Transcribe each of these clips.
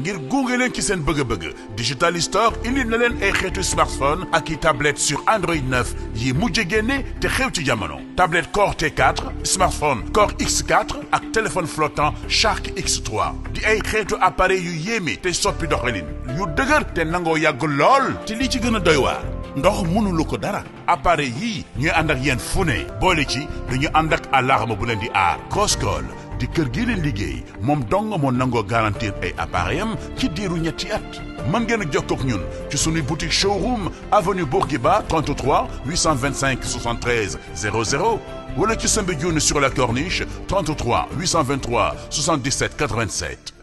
ngir gunge leen ci seen bëgg-bëgg digital store indi na leen ay xeetu smartphone ak i tablette sur Android 9 yi mu génne te xew ci jamono tablette Core te 4 smartphone Core X4 ak téléphone flottant Shark X3 di ay xeetu appareil yu yéeme te soppi doxalin yu dëgër te nangoo yàgg lool te li ci gën a doy waar ndox mënulu ko dara appareil yi ñuy ànd ak yéen fu ne boole ci lu ñu ànd ak alarme bu leen di aar Crosscall di kër gi liggéey moom dong moo nangoo garantir ay appareil am ci diiru ñetti at mën ngeen a jokkoo ak ñun ci suñuy boutique showroom avenue Bourguiba 33 825 73 00 wala ci Soumbédioune sur la corniche 33 823 77 87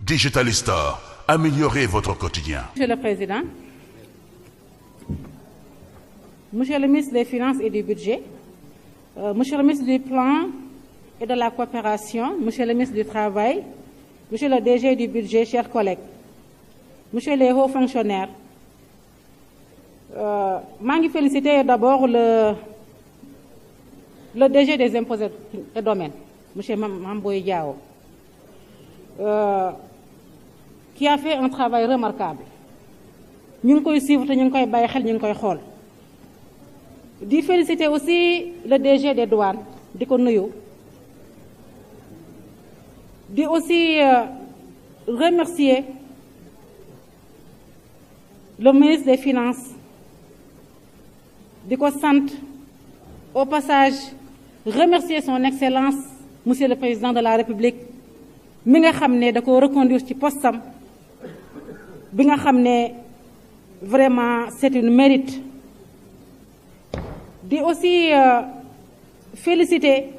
Digital Store améliorez votre quotidien. Monsieur le Président, Monsieur le ministre des Finances et du Budget, euh, Monsieur le ministre du Plan et de la coopération, Monsieur le ministre du Travail, Monsieur le DG du budget, chers collègues, Monsieur les hauts fonctionnaires, euh, je félicite d'abord le, le DG des impôts et domaines, Monsieur Mamboy Yao, euh, qui a fait un koy bàyyi Nous avons suivi, nous avons Je félicite aussi le DG des douanes, Diko Nouyou, di aussi euh, remercier le ministre des Finances di ko sant au passage remercier son excellence monsieur le président de la république mi nga xam ne da ko reconduire ci postam bi nga xam ne vraiment c'est une mérite di aussi euh, féliciter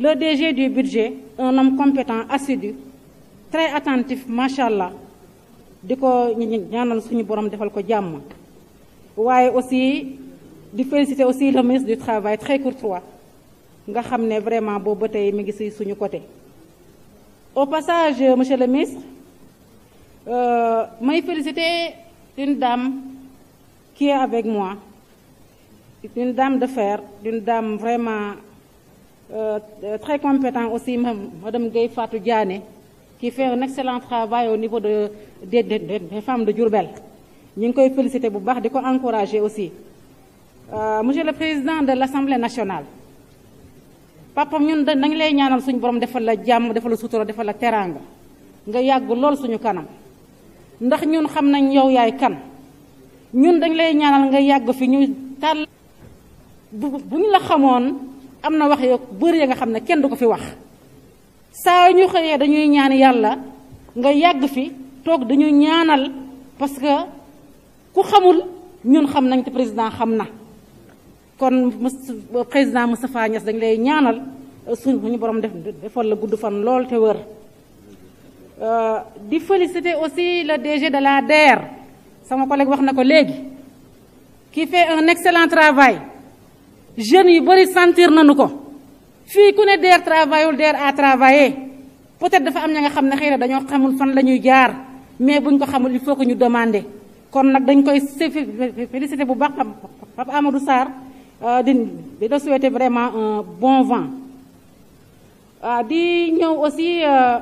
Le DG du budget, un homme compétent, assidu, très attentif, allah di ko ñaanal suñu borom defal ko jàmm waaye aussi di féliciter aussi le ministre du travail très courtois nga xam ne vraiment boobu ba tey mi ngi si suñu côté. au passage monsieur le ministre euh, may féliciter une dame qui est avec moi une dame de fer une dame vraiment. Euh, euh, très compétent aussi, Mme Gay Fatou Diane, qui fait un excellent travail au niveau de, des de, de ñu ngi koy Nous bu baax di ko encourager aussi. Euh, monsieur le Président de l'Assemblée nationale, papa ñun dañ lay ñaanal suñu borom defal la jàmm defal la sutura defal la teraanga nga yàgg lool suñu kanam ndax ñun xam nañ yow yaay kan ñun dañ lay ñaanal nga yàgg fi ñu tàll bu ñu la xamoon am na wax yow bëri ya nga xam ne kenn du ko fi wax saa ñu xëyee dañuy ñaan yàlla nga yàgg fi toog dañuy ñaanal parce que ku xamul ñun xam nañ te président xam na kon président Moustapha Niass dañ lay ñaanal euh, suñu borom def defal la gudd fan lool te wër euh, di féliciter aussi le DG de la DER sama collègue wax na ko léegi qui fait un excellent travail jeunes yi bëri sentir nañu ko fii ku ne DER travaillul DER a travaillé peut-être dafa am ña nga xam ne xëy na dañoo xamul fan la ñuy jaar mais buñ ko xamul il faut que ñu demander kon nag dañ koy félicité bu baax Pape Amadou Sarr euh, di di la souhaiter vraiment bon vent waaw euh, di ñëw aussi euh,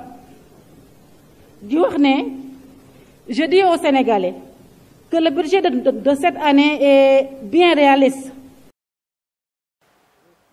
di wax ne je dis aux Sénégalais que le budget de de cette année est bien réaliste.